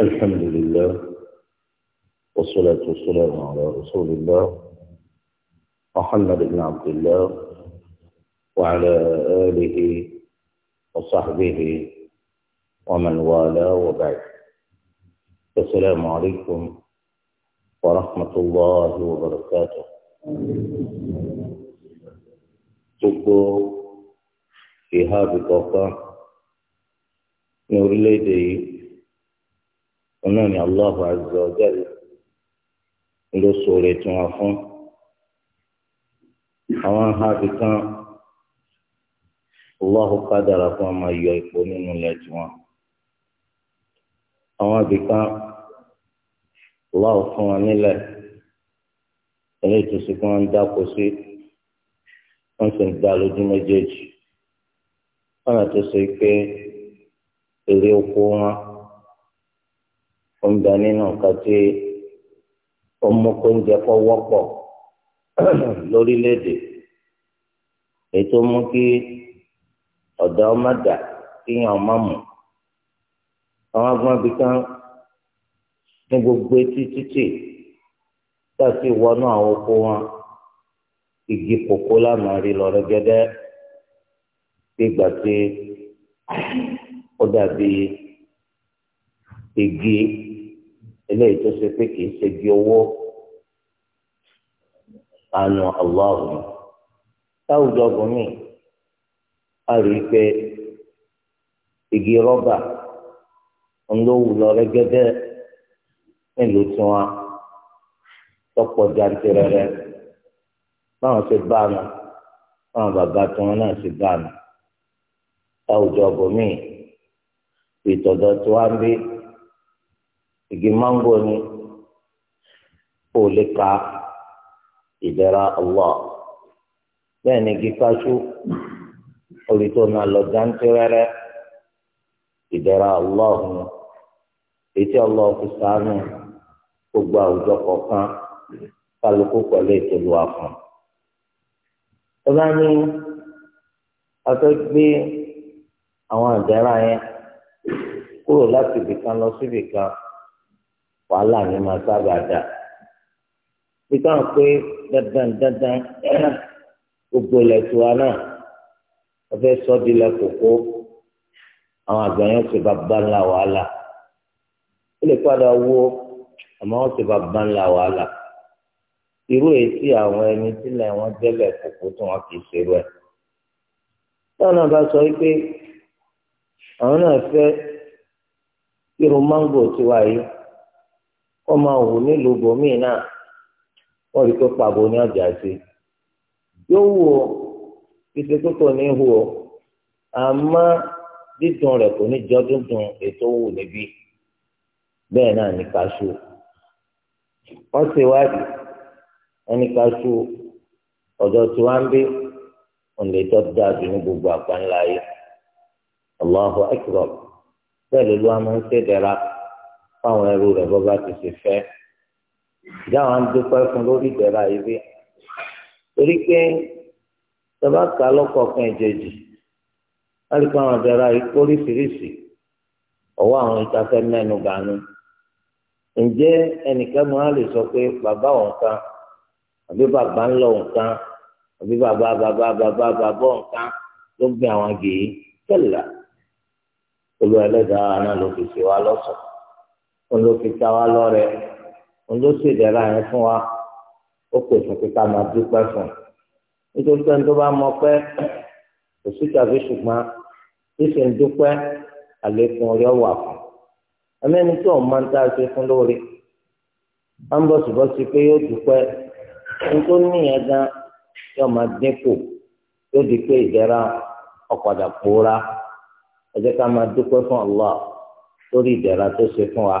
الحمد لله والصلاة والسلام على رسول الله محمد بن عبد الله وعلى آله وصحبه ومن والاه وبعد السلام عليكم ورحمة الله وبركاته gbogbo في هذه àbíkọ̀ọ̀kan نور orílẹ̀-èdè náà ni Allahu azza wa jalla ló sọ̀rọ̀ ètò wọn fún àwọn ahabi kan Allahu kádàrà fún ọmọ yọ ipò nínú ilẹ̀ tiwọn àwọn abì kan Allahu fún wọn nílẹ̀ eléyìí tó sì ń dáko sí sì ń lójú méjèèjì àti sọ pé èrè oko wọn. oúnjẹ nínú nǹkan tí ó mú kó oúnjẹ kọ́ wọ́pọ̀ lórílẹ̀‐èdè ètò mú kí ọ̀dọ́ má dà kíyàn má mú àwọn agbọ́n bí kan ní gbogbo etí títì tàbí wọnú àwọn oko wọn igi kòkó lánàá rí lọ rẹ́gẹ́dẹ́ gbígbà tí ó dàbí igi eléyìí tó ṣe pé kìí ṣe bí owó àánú aláwọ̀ ni táwùjọ bùnmí a rí i pé igi rọ́bà ńlọ́wù lọ rẹ́gẹ́dẹ́ nílùú tiwọn tọ́pọ̀ jantirẹrẹ báwọn ṣe bá a báwọn bàbá tiwọn náà ṣe bá a ujo táwùjọ bùnmí ìtọ̀dọ̀ tiwọn igi máńgò ni ó lè ka ìdẹ̀ra Allah bẹ́ẹ̀ ni igi na orí tó lọ Allah ni Etí ọlọ kò sànù gbogbo àwùjọ kọ̀ọ̀kan kálukú pẹ̀lú ìtòlú àfọ̀n. tó ní gbé àwọn àjẹrà yẹn kúrò láti ibìkan wàhálà ni máa sábà dà títà ń pé dandan dandan gbogbo ilẹ̀tù wa náà wọ́n fẹ́ sọ́ di ilẹ̀ kókó àwọn àgbà yẹn ṣe bàbá ńlá wàhálà ó lè padà wó àmọ́ wọ́n ṣe bàbá ńlá wàhálà irú èyí àwọn ẹni sílẹ̀ wọn jẹ́lẹ̀ kókó tí wọ́n kì ṣe rẹ̀ táwọn náà bá sọ pé àwọn náà fẹ́ irun máńgò tiwa yìí. kọ́ máa wù nílùú bòmíì náà wọ́n rí pé pàbó ní ọjà sí yóò wù ó ní hù ó àmọ́ dídùn rẹ̀ kò ní jọ dúndùn ètò wù níbí bẹ́ẹ̀ náà ní kaṣu wọ́n ṣèwádìí ẹni kaṣu ọ̀dọ̀ tí wọ́n ń fáwọn ẹrú rẹ̀ bọ́ bá ti ṣe fẹ́ ìjà wọn ń dúpẹ́ fún lórí ìdẹ̀ra yìí bí torí pé tọ́ba kà lọ́kọ̀ọ̀kan ìjẹ̀jì wọ́n rí pé àwọn ìdẹ̀ra yìí póríṣiríṣi ọwọ́ àwọn ìtafẹ́ mẹ́nu bànú ǹjẹ́ ẹnìkan mọ́ á lè sọ pé bàbá òun kan àbí bàbá ńlọ òun kan àbí bàbá bàbá bàbá bàbá òun kan ló gbin àwọn gèè kẹlẹ̀ olú ẹlẹ́dàá náà ló fi ṣe wá lọ́sọ̀ọ́ òun ló fi ta wá lọ́rẹ òun ló sì dẹ̀ra yẹn fún wa ó pè fún pé ká máa dúpẹ́ fún un nítorí pé tó bá mọ pé kò sí tàbí ṣùgbọ́n ṣíṣe ń dúpẹ́ àlékún orí ọ̀wà fún un ẹ̀mẹ́ni tí òun máa ń tá fún lórí wọ́n ń bọ̀sibọ́sí pé yóò dúpẹ́ ohun tó níyẹn gan yóò máa dínkù yóò di pé ìdẹ̀ra ọ̀padà pòórá ẹ jẹ́ ká máa dúpẹ́ fún Allah lórí ìdẹ̀ra tó ṣe fún wa.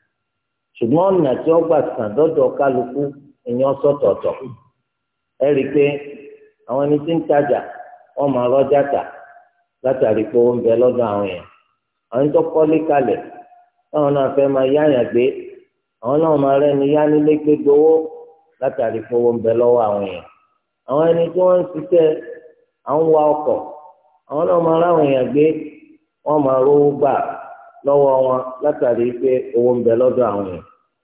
ṣùgbọ́n ọ̀nà tí wọ́n gbà sàn dọ́dọ̀ kálukú èèyàn sọ̀tọ̀ọ̀tọ̀ ẹ rí i pé àwọn ẹni tí ń tajà wọ́n máa rọ́jà tà látàrí pé ó ń bẹ lọ́dọ̀ àwọn yẹn àwọn tó kọ́lé kalẹ̀ táwọn náà fẹ́ máa yáyàn gbé àwọn náà máa rẹ́ni yá nílé gbé gbowó látàrí pé ó ń bẹ lọ́wọ́ àwọn yẹn àwọn ẹni tí wọ́n ń ṣiṣẹ́ àwọn wa ọkọ̀ àwọn náà máa àwọn èèyàn gbé wọ́n máa rówó gbà lọ́wọ́ wọn látàrí pé owó ń bẹ lọ́dọ̀ àwọn yẹn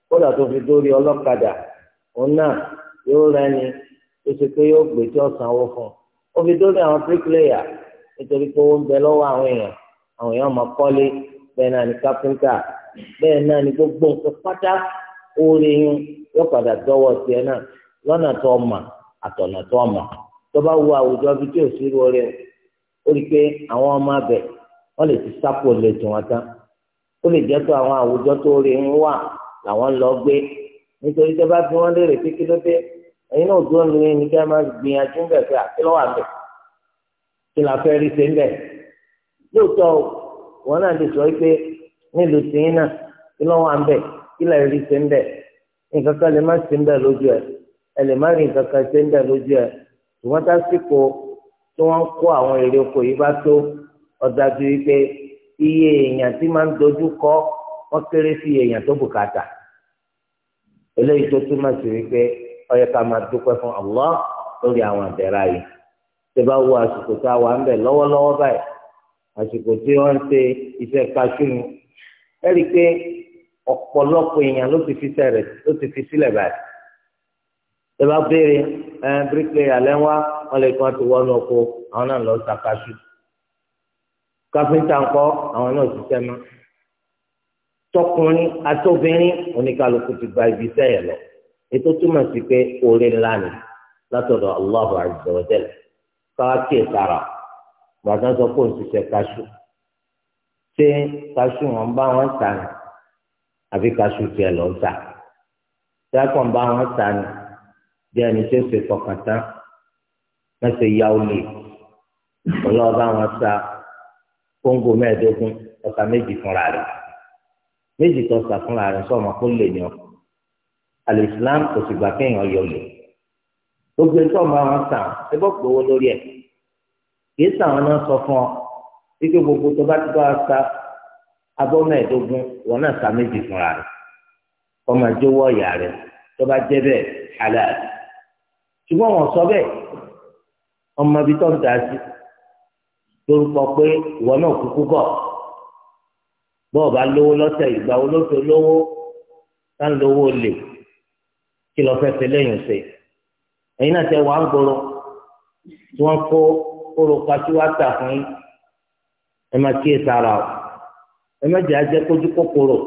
kódà tó fi dórí ọlọ́kadà òun náà yóò rẹni tó ṣe pé yóò gbé tí ọ̀sán owó fún un ó fi dórí àwọn nítorí pé owó ń bẹ lọ́wọ́ àwọn gbogbo nǹkan pátá yín yóò padà dọ́wọ́ náà lọ́nà tó ọmọ àtọ̀nà tó ọmọ tó bá wo o rí i pé àwọn ọmọ abẹ wọn lè ti sápò lè tún ó lè jẹ́ tó àwọn àwùjọ tó rí ń wà làwọn lọ gbé nítorí tó bá fi wọ́n léèrè pé kí ló dé ẹ̀yin náà dúró ní ní kí a máa gbìyànjú bẹ̀ pé àti lọ́wọ́ kí la fẹ́ rí ṣe ń bẹ̀ lóòótọ́ wọn náà lè sọ pé nílùú tìyín náà kí lọ́wọ́ àbẹ̀ kí la rí ṣe ń bẹ̀ nǹkan kan lè má ṣe ń bẹ̀ lójú ẹ̀ ẹ lè má rí nǹkan kan ṣe ń bẹ̀ lójú ẹ̀ ṣùgbọ́n tásìkò tí wọ́n kó àwọn èrè oko yìí bá tó ọ̀dájú wípé iye èèyàn tí máa ń dojú kọ wọn kéré sí iye èèyàn tó bùkátà eléyìí tó túmọ̀ sí wípé ó ká máa dúpẹ́ fún Allah lórí àwọn àbẹ̀rẹ̀ yìí tó bá wo àsìkò tá a wà ń bẹ̀ lọ́wọ́lọ́wọ́ báyìí àsìkò tí wọ́n ń ṣe iṣẹ́ kaṣúnu ẹ rí i pé ọ̀pọ̀lọpọ̀ èèyàn ló ti fi sẹ̀rẹ̀ ló ti fi sílẹ̀ báyìí tó bá béèrè ẹ bíríkìlì alẹ́ wá wọn lè kàn ti wọnú oko àwọn náà lọ ṣàkàṣù káfíńtà ńkọ́ àwọn náà ṣiṣẹ́ mọ́ tọkùnrin àtobìnrin oníkàlùkù ti gba ibi iṣẹ́ yẹn lọ ètò túmọ̀ sí pé oore ńlá ni látọ̀dọ̀ Allahu azza wa jalla káwákìí sára gbàgbọ́n sọ pé òun ṣiṣẹ́ kaṣu ṣé kaṣu wọn bá wọn ta ni àbí kaṣu tiẹ̀ lọ ta dákọ̀ ń bá wọn ta ni bí ẹni tó ṣe fọkàn tán wọ́n ṣe yá olè ọlọ́ọ̀bá wọn ta kóńgò mẹ́ẹ̀ẹ́dógún ọ̀sà méjì fúnra rẹ̀ méjì tó ọ̀sà fúnra rẹ̀ sọ̀mọ́ kó lè yan alìsílám kò sì gbà kéèyàn yọ lè gbogbo ẹ̀tọ́ ọmọ àwọn sàn ẹ bọ́ gbowó lórí ẹ̀ kìí sàwọn náà sọ fún ọ wípé gbogbo tó bá ti bá sa abọ́ mẹ́ẹ̀ẹ́dógún wọn náà sa méjì fúnra rẹ̀ ọmọ ìjọwọ́ ọ̀yà rẹ̀ tó bá jẹ́ bẹ́ẹ̀ halal ṣùgbọ́n wọn sọ bẹ́ẹ̀ ọmọ ibi tó ń dá sí lórúkọ pé ìwọ náà kúkú gọ̀ bọ́ọ̀ bá lówó lọ́sẹ̀ ìgbà wo ló ṣe lówó tá ń lówó lè kí lọ fẹ́ fi lẹ́yìn ṣe ẹ̀yin náà tẹ wàá gbòòrò tí wọ́n kó orúkọ aṣíwáta fún yín ẹ máa kíyè sára o ẹ má jẹ́ ajẹ́ kójú kòkòrò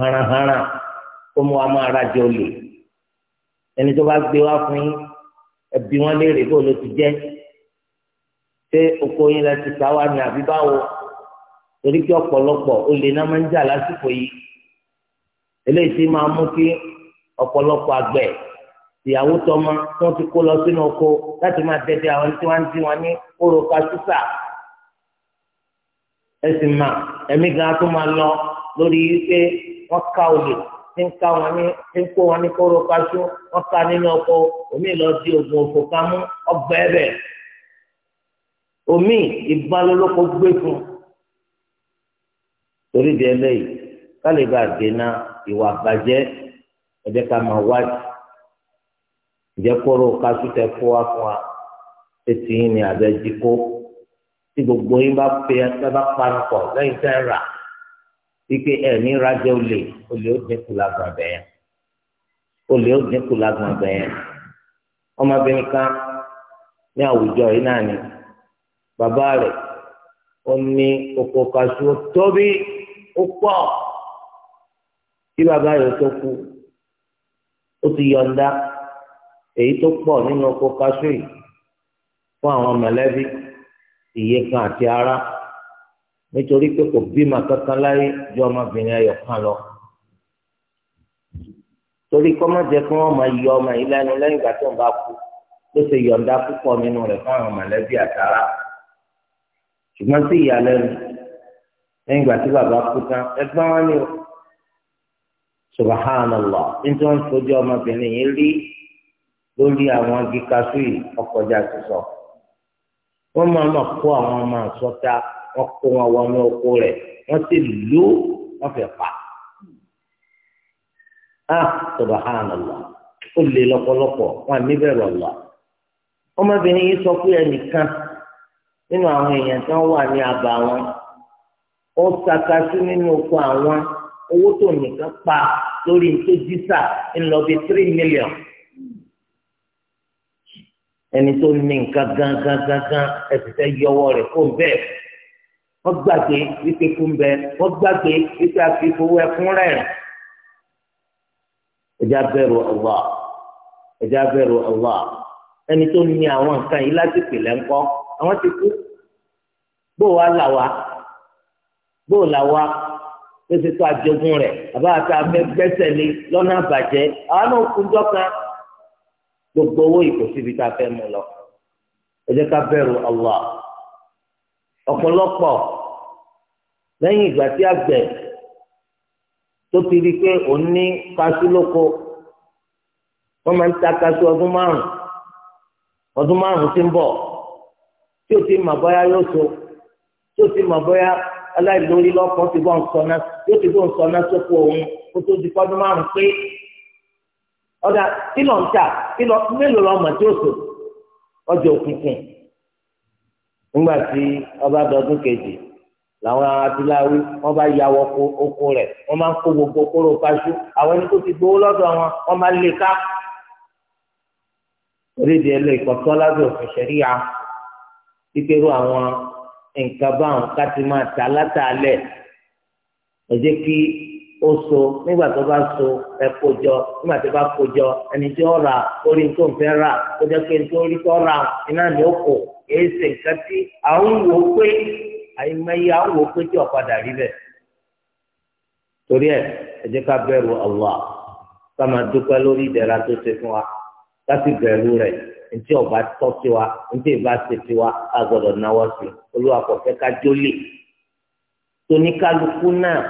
haranharan kó mu wa máa lè ẹni tó bá gbé wá fún yín ẹ bí léèrè bó ló ti jẹ́ ṣé oko yín lẹ ti sáwá ni àbí báwo torí kí ọ̀pọ̀lọpọ̀ olè náà máa ń jà lásìkò yìí eléyìí ti máa mú kí ọ̀pọ̀lọpọ̀ àgbẹ̀ ìyàwó tọmọ tí wọ́n ti kó lọ sínú oko láti máa dẹdẹ àwọn tí wọ́n ń dín wọn ní kóró kásúsà ẹsìn mà ẹ̀mí gan tó máa lọ lórí wípé wọ́n ká olè tí ń ká wọn ní tí ń kó wọn ní kóró kású wọ́n ká nínú oko omi lọ di oògùn òfò kámú ọgbẹ bẹ́ẹ̀ omi ìbálòlóko gbé fún torí di ẹlẹ́yìí kálíbà dènà ìwà bàjẹ́ ẹ̀jẹ̀ ká máa wájú ìjẹ́ kóró kásù tẹ fún wa fún wa ètò yìí ni àbẹ jí kó tí gbogbo yín bá pe ẹ bá panu pọ̀ lẹ́yìn tẹ́ rà wípé ẹ ní rajẹ́ olè olè ó dínkù lágbọ̀n bẹ́ẹ̀ olè ó dínkù lágbọ̀n bẹ́ẹ̀ ọmọbìnrin kan ní àwùjọ yìí náà ni bàbá rẹ̀ ó ní oko kaṣu tóbi ó pọ̀ tí bàbá rẹ̀ tó kú ó ti yọ̀ǹda èyí tó pọ̀ nínú oko kaṣu yìí fún àwọn mọ̀lẹ́bí ìyè kan àti ara nítorí pé kò bímọ kankan láyé ju ọmọbìnrin ayọ̀ kan lọ torí kọ́mọ́jẹ kí wọ́n máa yọ ọmọ yìí lẹ́nu lẹ́yìn ìgbà tó ń bá kú ló ṣe yọ̀ǹda púpọ̀ nínú rẹ̀ fún àwọn mọ̀lẹ́bí àtàrà ṣùgbọ́n sí ìyàlẹ́nu lẹ́yìn ìgbà tí bàbá kú tán ẹgbọ́n wọn ni o subhanallah nítorí wọn fojú ọmọbìnrin yìí rí lórí àwọn igi kaṣú yìí ọkọjà ti sọ wọn máa ma kó àwọn ọmọ àsọta wọn kó wọn wọnú oko rẹ̀ wọn sì lù wọn fẹẹ pa ah subhanallah ó lè lọ́pọ̀lọpọ̀ wọn níbẹ̀rù Allah ọmọbìnrin yìí sọ pé ẹnìkan nínú àwọn èèyàn tí wọ́n wà ní àbá wọn ó ṣàkàṣù nínú oko àwọn owó tó nìkan pa lórí tó jísà ńlọ bíi three million ẹni tó ní nǹkan gangan gangan ẹsẹ̀ fẹ́ yọwọ́ rẹ̀ kó bẹ́ẹ̀ wọ́n gbàgbé wípé kú bẹ wọ́n gbàgbé wípé àfihàn ẹkún rẹ̀ ẹja bẹ̀rù Allah ẹja bẹ̀rù Allah ẹni tó ní àwọn nǹkan yìí láti pèlè ńkọ́ àwọn ti kú bó wa là wa bó là wa tó ṣe tó àjogún rẹ̀ àbá àti afẹ́ gbẹ́sẹ̀ lé lọ́nà àbàjẹ́ àwọn náà kú dọ́kan gbogbo owó ìkòsíbi tá a fẹ́ mú lọ ẹ jẹ́ ká bẹ̀rù Allah ọ̀pọ̀lọpọ̀ lẹ́yìn ìgbà tí àgbẹ̀ tó ti di pé òun ní kaṣú lóko wọ́n máa ń ta kaṣú ọdún márùn ọdún márùn ti ń bọ̀ tí o ti mọ̀ bóyá yóò so tí o ti mọ̀ bóyá aláìlórí lọ́kọ̀ ti bọ́ nsọ̀nà yóò ti bọ́ nsọ̀nà sóko òun kó tó di fọ́dún márùn-ún pé ọ̀dà kílọ̀ ń tà kílọ̀ mélòó lọ́mọ tí o so ọjọ́ òkùnkùn nígbà tí ọba dọdún kejì làwọn adúláwí wọn bá ya wọkọ oko rẹ wọn máa ń kó gbogbo kóró kaṣú àwọn ẹni tó ti gbowó lọ́dọ̀ wọn wọn máa lè ká orílẹ̀-èdè ẹlẹ́kọ̀ọ́ tó lábẹ́ òfin ṣẹ̀ríya kíkérú àwọn nǹkan báwọn ká ti máa ta látàlẹ̀ ẹ jẹ́ kí ó so nígbà tó bá so ẹ kó jọ nígbà tó bá kó jọ ẹni tí ó rà orí tó ń fẹ́ rà ó jẹ́ pé nítorí tó rà iná ni ó kò èyí ṣe nǹkan tí à ń wò ó pé àìmọye à ń wò ó pé tí ọ̀padà rí bẹ̀. torí ẹ ẹ jẹ́ ká bẹ̀rù Allah ká máa dúpẹ́ lórí ìdẹ̀ra tó ṣe fún wa ká sì bẹ̀rù rẹ̀ ntí ọba tọ́ sí wa ntí ìbá ṣe sí wa a gbọ́dọ̀ náwó sí olúwa kò fẹ́ ká jólè tóníkálukú náà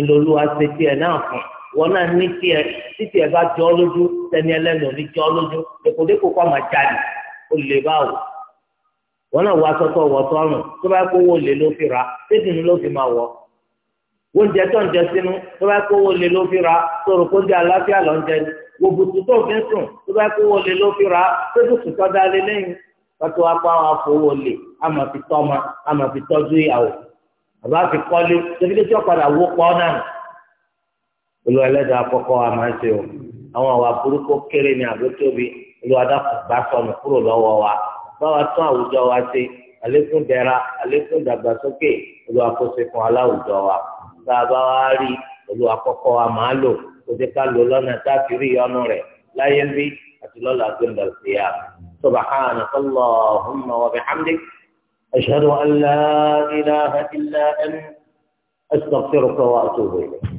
ńlọlúwa ṣe tiẹ̀ náà fún wọn náà ní tiẹ̀ títí ẹ̀ bá jọ́ lójú tẹni ẹlẹ́nu ní jọ́ lójú dèkòdèkò kọ́ máa jáde ó lè bá wò wọn náà wọ asọ́tọ̀ wọ̀ sọ́run tó bá kó wọlé ló fi ra tẹ́sí ló fi máa wọ̀ oúnjẹ tó ń jẹ sínú tó bá kówó lé ló fi ra tó rò kó ń jẹ àlàáfíà lọ ń jẹ ní gbogbo tó fi ń sùn tó bá kówó lé ló fi ra tó tó sùn tọ́da lé lẹ́yìn pàtó apá àwọn afowó lè àmọ̀ fi tọ́ ọmọ àmọ̀ fi tọ́jú ìyàwó àbá fi kọ́lé tóbi tí wọ́n padà wó pọ́ náà olú ẹlẹ́dàá àkọ́kọ́ wa máa ń ṣe o àwọn àwa burúkú kéré ni àbó tóbi olùwàdà kò bá sọnù kúrò lọ́wọ́ wa báwa tún àwùjọ wa ṣe àlékún dẹ̀ra àlékún dàgbàsókè olùwàkóso fún aláwùjọ wa bá a bá wá rí olú àkọ́kọ́ wa máa lò kó jẹ́ ká lò lọ́nà tá a fi rí ìyọnu rẹ̀ láyé ń bí àti lọ́la gbẹ̀ndà sí i. سبحانك اللهم وبحمدك أشهد أن لا إله إلا أنت أستغفرك وأتوب إليك